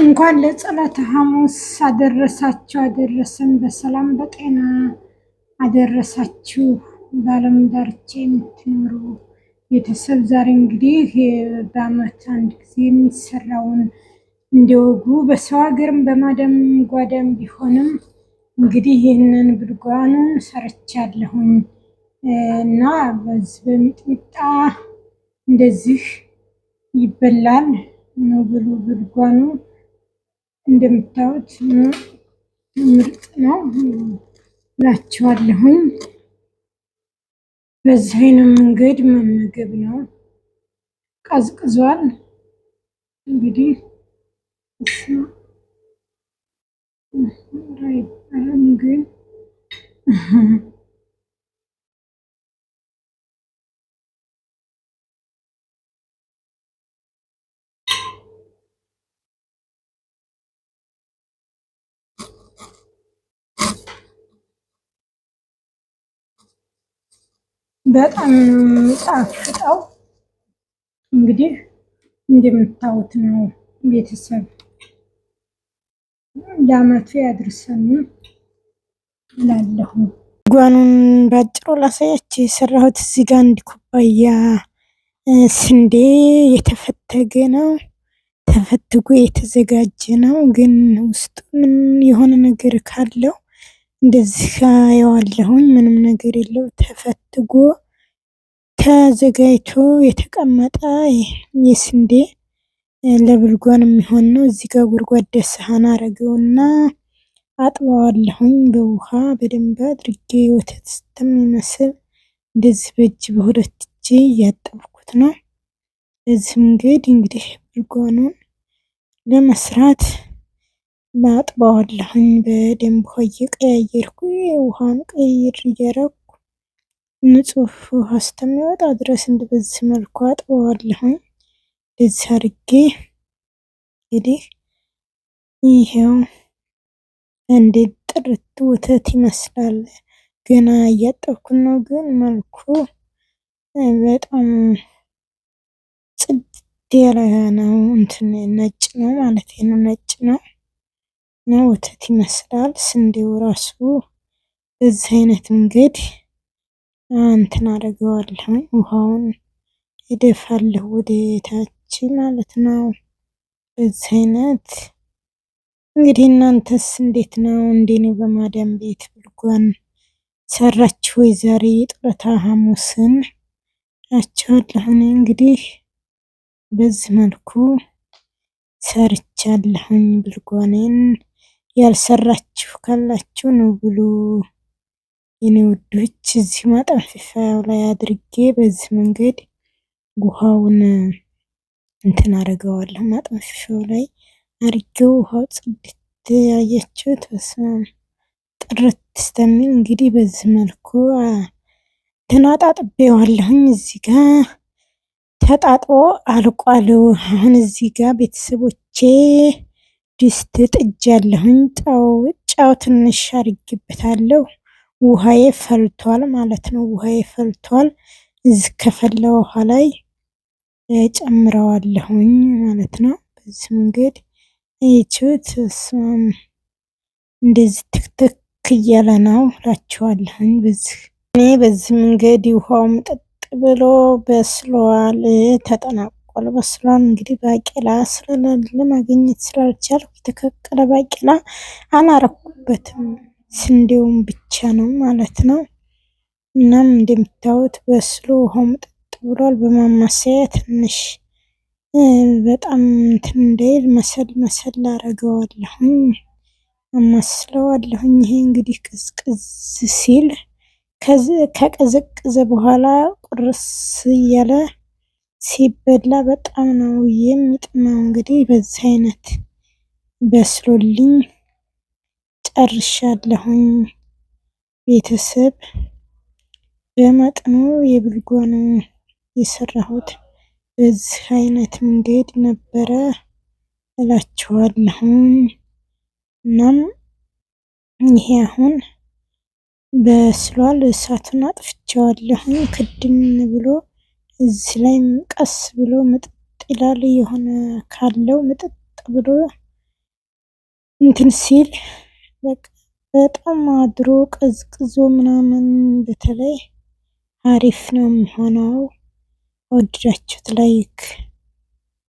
እንኳን ለጸሎተ ሐሙስ አደረሳችሁ አደረሰን። በሰላም በጤና አደረሳችሁ። በዓለም ዳርቻ የምትኖሩ ቤተሰብ ዛሬ እንግዲህ በዓመት አንድ ጊዜ የሚሰራውን እንደወጉ በሰው ሀገርም በማደም ጓዳም ቢሆንም እንግዲህ ይህንን ብልጓኑን ሰርቻለሁኝ እና በዚህ በሚጥሚጣ እንደዚህ ይበላል ነው ብሉ ብድጓኑ እንደምታዩት ምርጥ ነው ላችኋለሁኝ። በዚህ አይነት መንገድ መመገብ ነው። ቀዝቅዟል እንግዲህ ግን በጣም ጣፍጠው እንግዲህ እንደምታዩት ነው። ቤተሰብ ለአመቱ ያድርሰን እላለሁ። ጓኑን በአጭሩ ላሳያችሁ የሰራሁት እዚህ ጋር አንድ ኩባያ ስንዴ የተፈተገ ነው። ተፈትጎ የተዘጋጀ ነው። ግን ውስጡ ምን የሆነ ነገር ካለው እንደዚህ የዋለሁኝ ምንም ነገር የለው። ተፈትጎ ተዘጋጅቶ የተቀመጠ የስንዴ ለብልጓን የሚሆን ነው። እዚህ ጋር ጎድጓዳ ሰሃን አረገውና አጥበዋለሁኝ በውሃ በደንብ አድርጌ ወተት ስተሚመስል እንደዚህ በእጅ በሁለት እጅ እያጠብኩት ነው። በዚህ መንገድ እንግዲህ ብልጓኑን ለመስራት ማጥበዋለሁኝ በደንብ ሆዬ ቀያየርኩኝ ውሃን ቀይር እያረኩ ንጹህ ውሃ እስከሚወጣ ድረስ በዚህ መልኩ አጥበዋለሁኝ። እንደዚህ አድርጌ እንግዲህ ይሄው እንዴት ጥርት ወተት ይመስላል። ገና እያጠብኩት ነው፣ ግን መልኩ በጣም ጽድት ያለ ነው። እንትን ነጭ ነው ማለት ነው፣ ነጭ ነው። ነው ወተት ይመስላል። ስንዴው ራሱ በዚህ አይነት መንገድ እንትን አደርገዋለሁኝ። ውሃውን ይደፋለሁ ወደ ታች ማለት ነው። በዚህ አይነት እንግዲህ እናንተስ እንዴት ነው? እንደኔ በማዳም ቤት ብልጓን ሰራችሁ ወይ? ዛሬ ጡረታ ሐሙስን አቸዋለሁን። እንግዲህ በዚህ መልኩ ሰርቻለሁኝ ብልጓኔን ያልሰራችሁ ካላችሁ ነው ብሎ የኔ ውዶች፣ እዚህ ማጠንፈፊያው ላይ አድርጌ በዚህ መንገድ ውሃውን እንትን አደርገዋለሁ። ማጠንፈፊያው ላይ አድርጌው ውሃው ጽድት ያያቸው በስማም ጥርት ስተሚል እንግዲህ በዚህ መልኩ ተናጣጥቤዋለሁኝ። እዚህ ጋ ተጣጥቦ አልቋል። አሁን እዚህ ጋ ቤተሰቦቼ ድስት ጥጃለሁኝ። ጨው ትንሽ አርግበታለሁ። ውሃዬ ፈልቷል ማለት ነው። ውሃዬ ፈልቷል። እዚህ ከፈለ ውሃ ላይ ጨምረዋለሁኝ ማለት ነው። በዚህ መንገድ ስም እንደዚህ ትክትክ እያለ ነው እላችኋለሁኝ። በዚህ እኔ በዚህ መንገድ ውሃው ምጥጥ ብሎ በስሏል ተጠናቁ ቆለበ ስለሆነ እንግዲህ ባቄላ ስለሌለ ማግኘት ስላልቻልኩ የተቀቀለ ባቄላ አላረኩበትም። ስንዴውም ብቻ ነው ማለት ነው። እናም እንደምታዩት በስሎ ውሃውም ጥጥ ብሏል። በማማሰያ ትንሽ በጣም እንትን እንዳይል መሰል መሰል አረገዋለሁኝ አማስለዋለሁኝ። ይሄ እንግዲህ ቅዝቅዝ ሲል ከቀዘቀዘ በኋላ ቁርስ እያለ ሲበላ በጣም ነው የሚጥመው። እንግዲህ በዚህ አይነት በስሎልኝ ጨርሻለሁኝ። ቤተሰብ በመጥኑ የብልጎኑ የሰራሁት። በዚህ አይነት መንገድ ነበረ እላችኋለሁኝ። እናም ይሄ አሁን በስሏል። እሳቱን አጥፍቼዋለሁኝ ክድን ብሎ እዚህ ላይም ቀስ ብሎ ምጥጥ ይላል። የሆነ ካለው ምጥጥ ብሎ እንትን ሲል በጣም አድሮ ቀዝቅዞ ምናምን በተለይ አሪፍ ነው የሚሆነው። ወድዳችሁት ላይክ